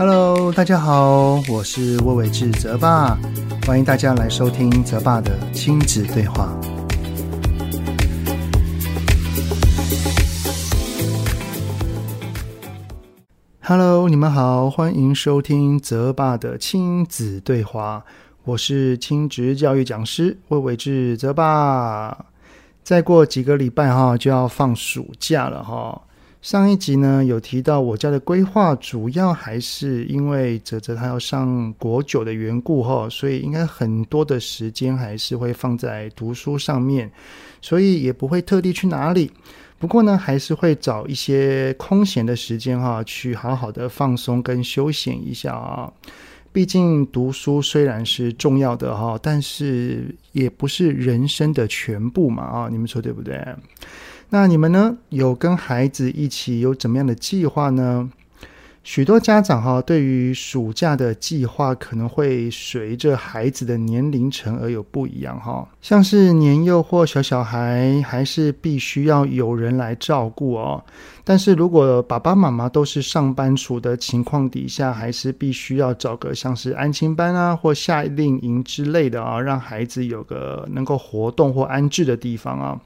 Hello，大家好，我是魏瑋志澤爸，歡迎大家來收聽澤爸的親子對話。Hello，你們好，歡迎收聽澤爸的親子對話，我是親職教育講師魏瑋志澤爸。再過幾個禮拜哈，就要放暑假了哈。上一集呢，有提到我家的規劃，主要還是因為澤澤他要上國九的緣故哈、哦，所以應該很多的時間還是會放在讀書上面，所以也不會特地去哪裡。不過呢，還是會找一些空閒的時間哈、哦，去好好的放鬆跟休閒一下啊、哦。畢竟讀書雖然是重要的哈、哦，但是也不是人生的全部嘛啊、哦，你們說對不對？那你們呢？有跟孩子一起有怎麼樣的計劃呢？許多家長哈、哦，對於暑假的計劃，可能會隨着孩子的年齡層而有不一樣哈、哦。像是年幼或小小孩，還是必須要有人來照顧哦。但是如果爸爸媽媽都是上班族的情況底下，還是必須要找個像是安親班啊，或夏令營之類的啊、哦，讓孩子有個能夠活動或安置的地方啊。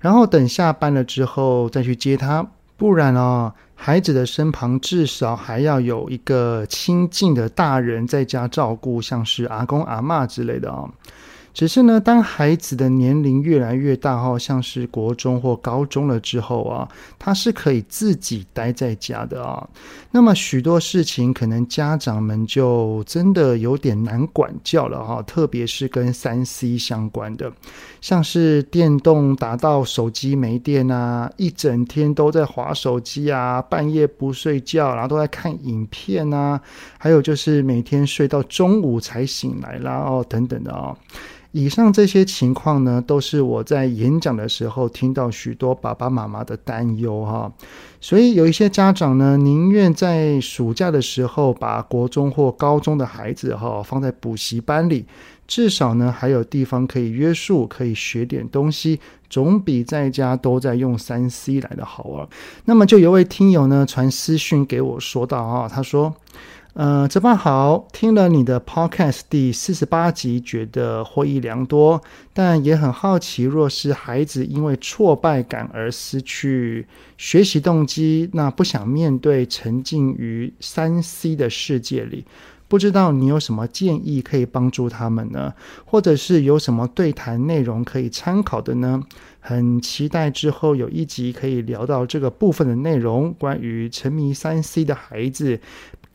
然後等下班了之後，再去接他，不然哦，孩子的身旁至少還要有一個親近的大人在家照顧，像是阿公阿嬤之類的啊、哦。只是呢，當孩子的年齡越來越大、哦，哈，像是國中或高中了之後啊，他是可以自己待在家的啊、哦。那麼許多事情，可能家長們就真的有點難管教了哈、哦。特別是跟 3C 相關的，像是電動打到手機沒電啊，一整天都在滑手機啊，半夜不睡覺、啊，然後都在看影片啊，還有就是每天睡到中午才醒來啦，哦，等等的啊、哦。以上這些情況呢，都是我在演講的時候聽到許多爸爸媽媽的擔憂哈、哦。所以有一些家長呢，寧願在暑假的時候把國中或高中的孩子哈、哦、放在補習班裡，至少呢還有地方可以約束，可以學點東西，總比在家都在用 3C 來的好啊。那麼就有位聽友呢傳私訊給我說到啊、哦，他說。嗯、呃，澤爸好，聽了你的 Podcast 第四十八集，覺得獲益良多，但也很好奇，若是孩子因為挫敗感而失去學習動機，那不想面對沉浸於 3C 的世界裡，不知道你有什麼建議可以幫助他們呢？或者是有什麼對談內容可以參考的呢？很期待之後有一集可以聊到這個部分的內容，關於沉迷 3C 的孩子。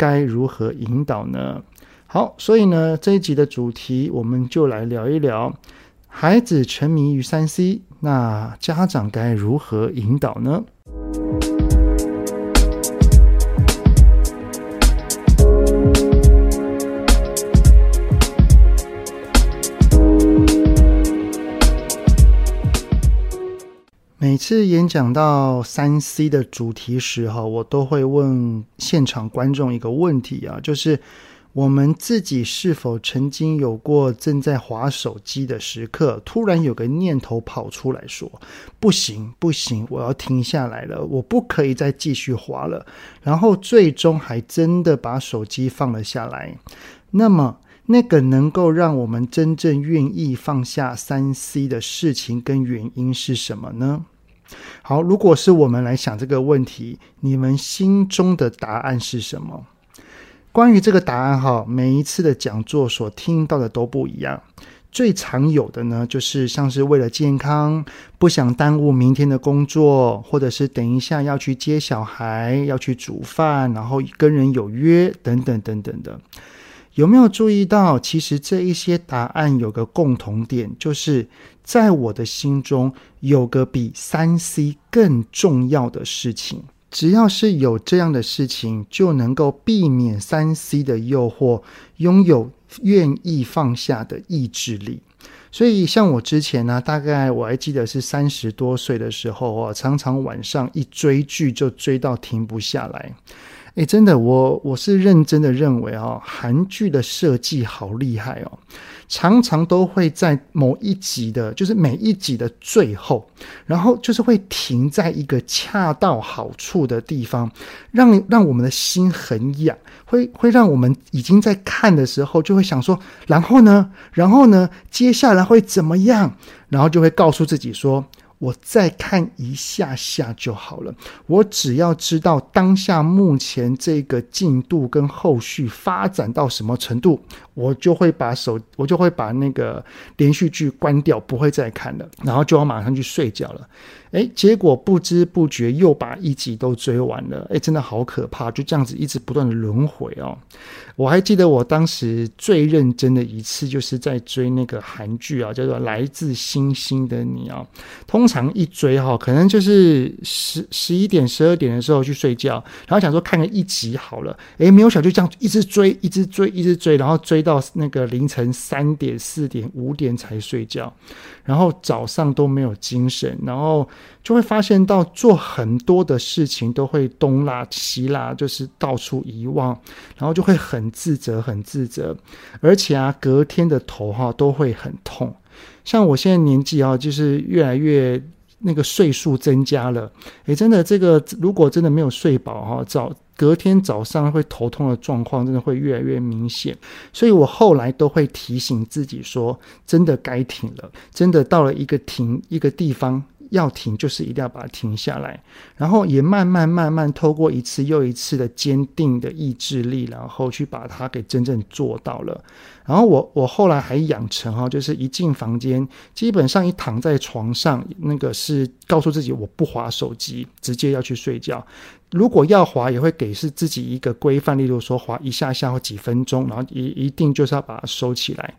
該如何引導呢？好，所以呢，這一集的主題我們就來聊一聊，孩子沉迷於三 C，那家長該如何引導呢？每次演講到三 C 的主題時候，我都會問現場觀眾一個問題啊，就是我們自己是否曾經有過正在滑手機的時刻，突然有個念頭跑出來說：“不行，不行，我要停下來了，我不可以再繼續滑了。”然後最終還真的把手機放了下來。那麼，那個能夠讓我們真正願意放下三 C 的事情跟原因是什麼呢？好，如果是我們來想這個問題，你們心中的答案是什麼？關於這個答案哈，每一次的講座所聽到的都不一樣。最常有的呢，就是像是為了健康，不想耽誤明天的工作，或者是等一下要去接小孩，要去煮飯，然後跟人有約，等等等等的。有沒有注意到？其實這一些答案有個共同點，就是在我的心中有個比三 C 更重要的事情。只要是有這樣的事情，就能夠避免三 C 的誘惑，擁有願意放下的意志力。所以，像我之前呢、啊，大概我還記得是三十多歲的時候哦、啊，常常晚上一追劇就追到停不下來。哎，真的，我我是認真的認為哦，韓劇的設計好厲害哦，常常都會在某一集的，就是每一集的最後，然後就是會停在一個恰到好處的地方，讓讓我們的心很癢，會會讓我們已經在看的時候就會想說，然後呢，然後呢，接下來會怎麼樣？然後就會告訴自己說，我再看一下下就好了，我只要知道當下目前這個進度跟後續發展到什麼程度，我就會把手，我就會把那個連續劇關掉，不會再看了，然後就要馬上去睡覺了。誒，結果不知不覺又把一集都追完了，誒，真的好可怕，就這樣子一直不斷的輪回哦。我還記得我當時最認真的一次，就是在追那個韓劇啊，叫做《來自星星的你》啊。通常一追哈，可能就是十十一點、十二點的時候去睡覺，然後想說看個一集好了，哎、欸，沒有想就這樣一直追，一直追，一直追，然後追到那個凌晨三點、四點、五點才睡覺，然後早上都沒有精神，然後就會發現到做很多的事情都會東拉西拉，就是到處遺忘，然後就會很。很自責，很自責，而且啊，隔天的頭哈、哦、都會很痛。像我現在年紀啊、哦，就是越來越那個歲數增加了。誒、欸，真的，這個如果真的沒有睡飽哈、哦，早隔天早上會頭痛的狀況，真的會越來越明顯。所以我後來都會提醒自己說，真的該停了。真的到了一個停一個地方。要停，就是一定要把它停下來，然後也慢慢慢慢透過一次又一次的堅定的意志力，然後去把它給真正做到了。然後我我後來還養成哈，就是一進房間，基本上一躺在床上，那個是告訴自己我不滑手機，直接要去睡覺。如果要滑，也會給是自己一個規範，例如說滑一下下或幾分鐘，然後一一定就是要把它收起來。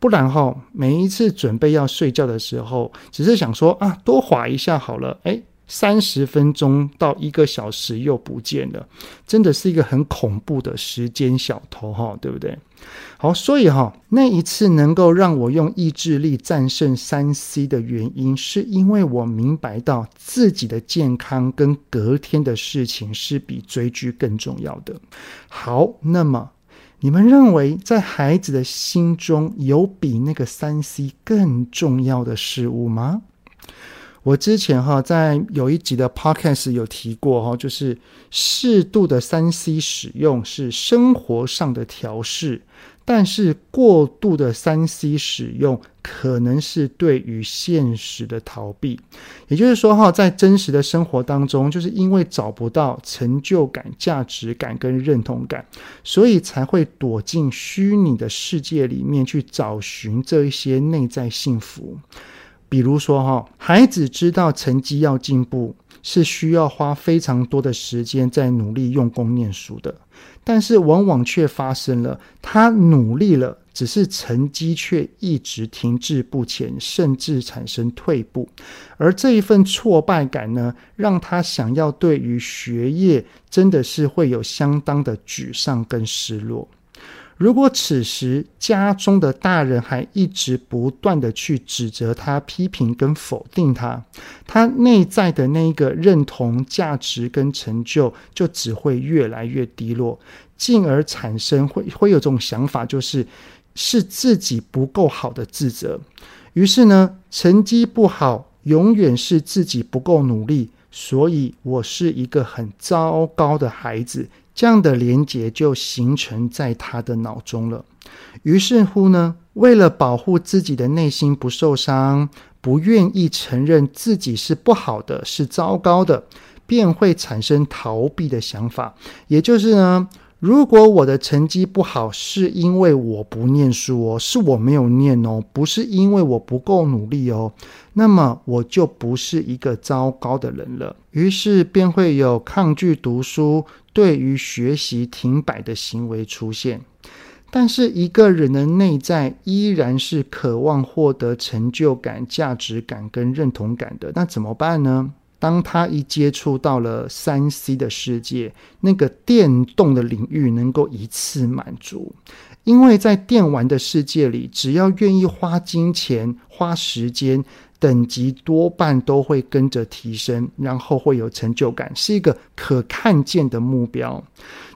不然哈，每一次準備要睡覺的時候，只是想說啊，多劃一下好了，誒，三十分鐘到一個小時又不見了，真的是一個很恐怖的時間小偷哈，對不對？好，所以哈，那一次能夠讓我用意志力戰勝 3C 的原因，是因為我明白到自己的健康跟隔天的事情是比追劇更重要的。好，那麼。你們認為在孩子的心中有比那個 3C 更重要的事物嗎？我之前哈在有一集的 Podcast 有提過哈，就是適度的 3C 使用是生活上的調試。但是過度的 3C 使用，可能是對於現實的逃避。也就是說，哈，在真實的生活當中，就是因為找不到成就感、價值感跟認同感，所以才會躲進虛擬的世界裡面去找尋這一些內在幸福。比如說，哈，孩子知道成績要進步，是需要花非常多的時間在努力用功念書的。但是往往卻發生了，他努力了，只是成績卻一直停滯不前，甚至產生退步。而這一份挫敗感呢，讓他想要對於學業真的是會有相當的沮喪跟失落。如果此時家中的大人還一直不斷地去指責他、批評跟否定他，他內在的那一個認同、價值跟成就就只會越來越低落，進而產生會會有這種想法，就是是自己不夠好的自責。於是呢，成績不好永遠是自己不夠努力，所以我是一個很糟糕的孩子。這樣的連結就形成在他的腦中了。於是乎呢，為了保護自己的內心不受傷，不願意承認自己是不好的、是糟糕的，便會產生逃避的想法。也就是呢。如果我的成績不好，是因為我不念書哦，是我沒有念哦，不是因為我不夠努力哦，那麼我就不是一個糟糕的人了。於是便會有抗拒讀書、對於學習停擺的行為出現。但是一個人的內在依然是渴望獲得成就感、價值感跟認同感的，那怎麼辦呢？當他一接觸到了 3C 的世界，那個電動的領域能夠一次滿足，因為在電玩的世界裡，只要願意花金錢、花時間，等級多半都會跟着提升，然後會有成就感，是一個可看見的目標。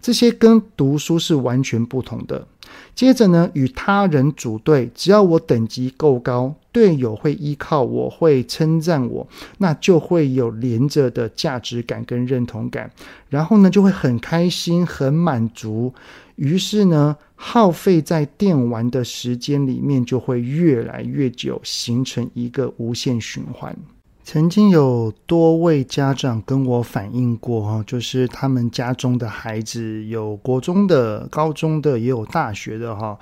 這些跟讀書是完全不同的。接着呢，與他人組隊，只要我等級夠高，隊友會依靠我，會稱讚我，那就會有連着的價值感跟認同感。然後呢，就會很開心、很滿足。於是呢，耗費在電玩的時間裡面就會越來越久，形成一個無限循環。曾經有多位家長跟我反映過，哈，就是他們家中的孩子有國中的、高中的，也有大學的，哈，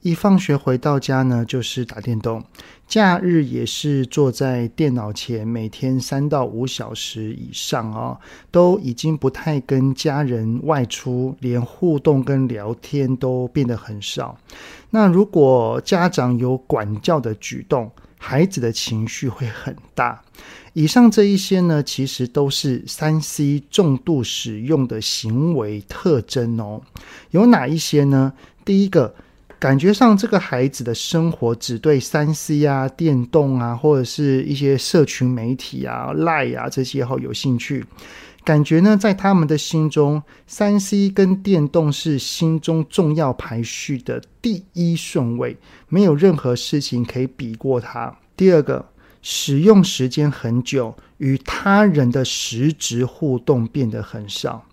一放學回到家呢，就是打電動，假日也是坐在電腦前，每天三到五小時以上，啊，都已經不太跟家人外出，連互動跟聊天都變得很少。那如果家長有管教的舉動，孩子的情緒會很大。以上這一些呢，其實都是三 C 重度使用的行為特徵哦。有哪一些呢？第一個，感覺上這個孩子的生活只對三 C 啊、電動啊，或者是一些社群媒體啊、LINE 啊這些好有興趣。感覺呢，在他們的心中，3C 跟電動是心中重要排序的第一順位，沒有任何事情可以比過它。第二個，使用時間很久，與他人的實質互動變得很少。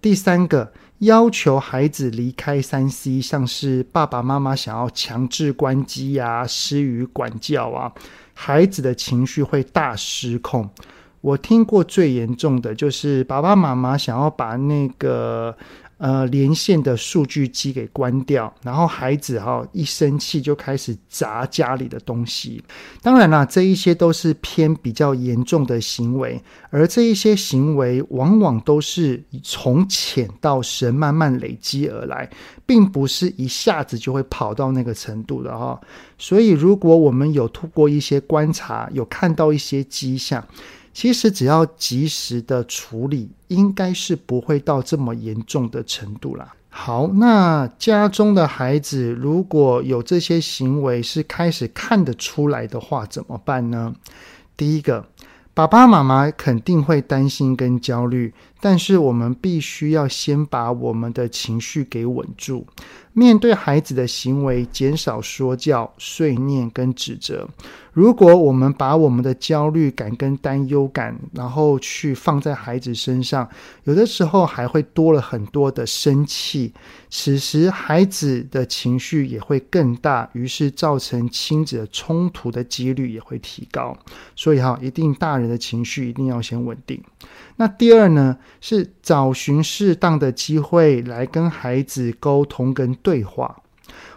第三個，要求孩子離開 3C，像是爸爸媽媽想要強制關機呀、啊，施予管教啊，孩子的情緒會大失控。我聽過最嚴重的就是爸爸媽媽想要把那個呃連線的數據機給關掉，然後孩子哈、哦、一生氣就開始砸家裡的東西。當然啦，這一些都是偏比較嚴重的行為，而這一些行為往往都是從淺到深慢慢累積而來，並不是一下子就會跑到那個程度的哈、哦。所以，如果我們有透過一些觀察，有看到一些跡象。其實只要及時的處理，應該是不會到這麼嚴重的程度啦。好，那家中的孩子如果有這些行為，是開始看得出來的話，怎麼辦呢？第一個，爸爸媽媽肯定會擔心跟焦慮，但是我們必須要先把我們的情緒給穩住。面對孩子的行為，減少說教、碎念跟指責。如果我們把我們的焦慮感跟擔憂感，然後去放在孩子身上，有的時候還會多了很多的生氣。此時孩子的情緒也會更大，於是造成親子的衝突的幾率也會提高。所以哈，一定大人的情緒一定要先穩定。那第二呢，是找尋適當的機會來跟孩子溝通跟對話。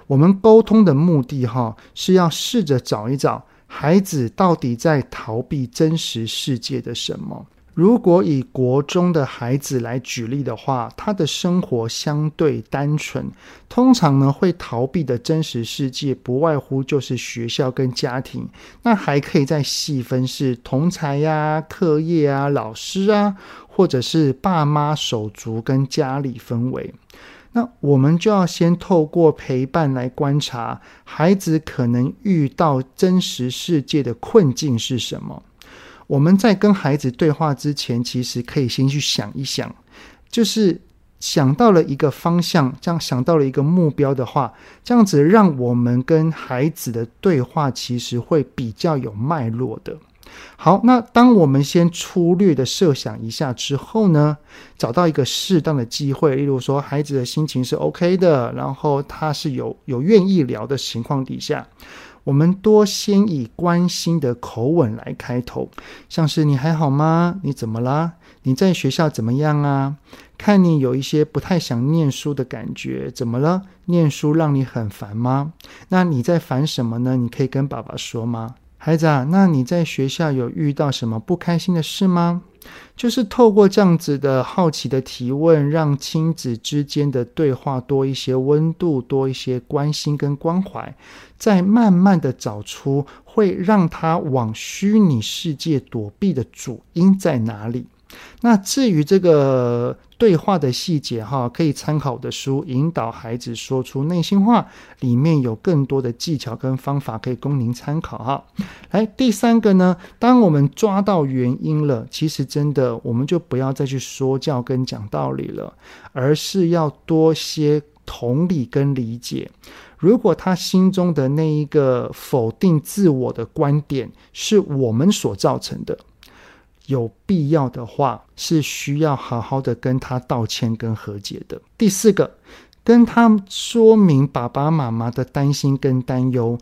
我們溝通的目的，哈，是要試着找一找孩子到底在逃避真實世界的什麼。如果以國中的孩子來舉例的話，他的生活相對單純，通常呢會逃避的真實世界，不外乎就是學校跟家庭。那還可以再細分是同儕呀，啊、課業啊、老師啊，或者是爸媽、手足跟家裡氛圍。那我們就要先透過陪伴來觀察，孩子可能遇到真實世界的困境是什麼。我們在跟孩子對話之前，其實可以先去想一想，就是想到了一個方向，這樣想到了一個目標的話，這樣子讓我們跟孩子的對話其實會比較有脈絡的。好，那當我們先粗略的設想一下之後呢，找到一個適當的機會，例如說孩子的心情是 OK 的，然後他是有有願意聊的情況底下。我們多先以關心的口吻來開頭，像是，你還好嗎？你怎麼啦？你在學校怎麼樣啊？看你有一些不太想念書的感覺，怎麼了？念書讓你很煩嗎？那你在煩什麼呢？你可以跟爸爸說嗎？孩子啊，那你在學校有遇到什麼不開心的事嗎？就是透過這樣子的好奇的提問，讓親子之間的對話多一些溫度，多一些關心跟關懷，再慢慢的找出會讓他往虛擬世界躲避的主因在哪裡。那至於這個，對話的細節哈，可以參考我的書，引導孩子說出內心話，裡面有更多的技巧跟方法可以供您參考哈。來，第三個呢，當我們抓到原因了，其實真的我們就不要再去說教跟講道理了，而是要多些同理跟理解。如果他心中的那一個否定自我的觀點是我們所造成的。有必要的話，是需要好好的跟他道歉跟和解的。第四個，跟他說明爸爸媽媽的擔心跟擔憂，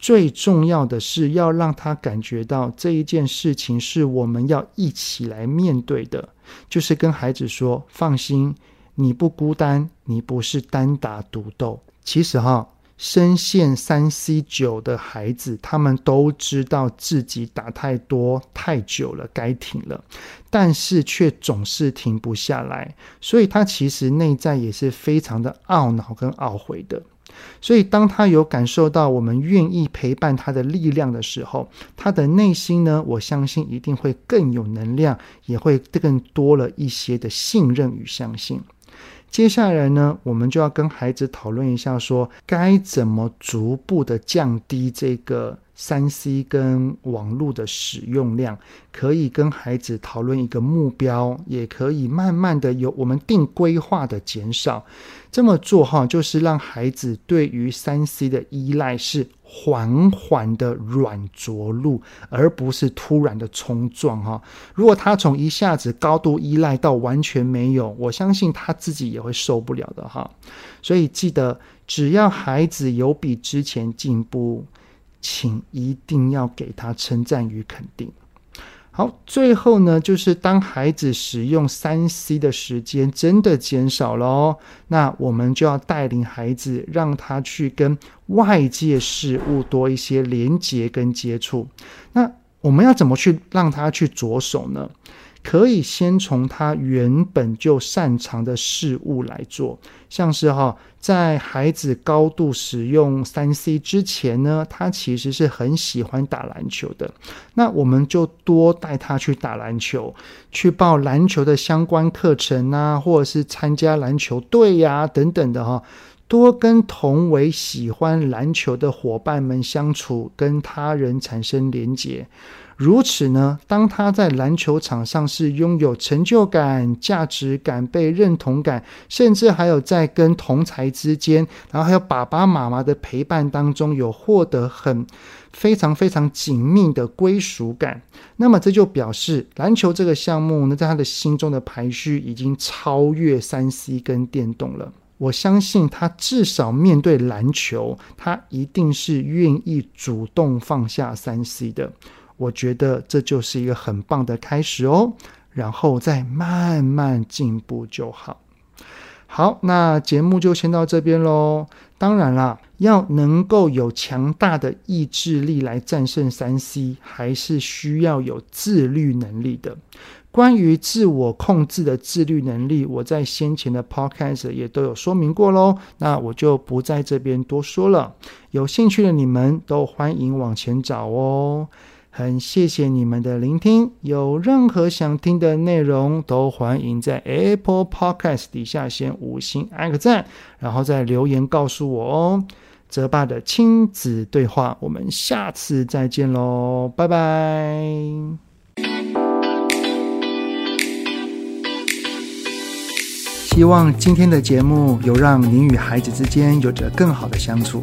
最重要的是要讓他感覺到這一件事情是我們要一起來面對的，就是跟孩子說：放心，你不孤單，你不是單打獨鬥。其實哈。深陷 3C 九的孩子，他們都知道自己打太多太久了，該停了，但是卻總是停不下來。所以他其實內在也是非常的懊惱跟懊悔的。所以當他有感受到我們願意陪伴他的力量的時候，他的內心呢，我相信一定會更有能量，也會更多了一些的信任與相信。接下來呢，我們就要跟孩子討論一下說，該怎麼逐步的降低這個 3C 跟網絡的使用量。可以跟孩子討論一個目標，也可以慢慢的有我們定規劃的減少。這麼做哈，就是讓孩子對於 3C 的依賴是緩緩的軟着陸，而不是突然的衝撞，哈。如果他從一下子高度依賴到完全沒有，我相信他自己也會受不了的，哈。所以記得，只要孩子有比之前進步，請一定要給他稱讚與肯定。好，最後呢，就是當孩子使用三 C 的時間真的減少了哦，那我們就要帶領孩子，讓他去跟外界事物多一些連接跟接觸。那我們要怎麼去讓他去着手呢？可以先從他原本就擅長的事物來做，像是哈，在孩子高度使用 3C 之前呢，他其實是很喜歡打籃球的。那我們就多帶他去打籃球，去報籃球的相關課程啊，或者是參加籃球隊呀、啊、等等的哈，多跟同為喜歡籃球的夥伴們相處，跟他人產生連結。如此呢，當他在籃球場上是擁有成就感、價值感、被認同感，甚至還有在跟同儕之間，然後還有爸爸媽媽的陪伴當中，有獲得很非常非常緊密的歸屬感，那麼這就表示籃球這個項目呢，在他的心中的排序已經超越 3C 跟電動了。我相信他至少面對籃球，他一定是願意主動放下 3C 的。我覺得這就是一個很棒的開始哦，然後再慢慢進步就好。好，那節目就先到這邊嘍。當然啦，要能夠有強大的意志力來戰勝 3C，還是需要有自律能力的。關於自我控制的自律能力，我在先前的 podcast 也都有說明過嘍。那我就不在這邊多說了，有興趣的你們都歡迎往前找哦。很謝謝你們的聆聽，有任何想聽的內容，都歡迎在 Apple Podcast 底下先五星按個讚，然後再留言告訴我哦。澤爸的親子對話，我們下次再見嘍，拜拜。希望今天的節目有讓您與孩子之間有着更好的相處。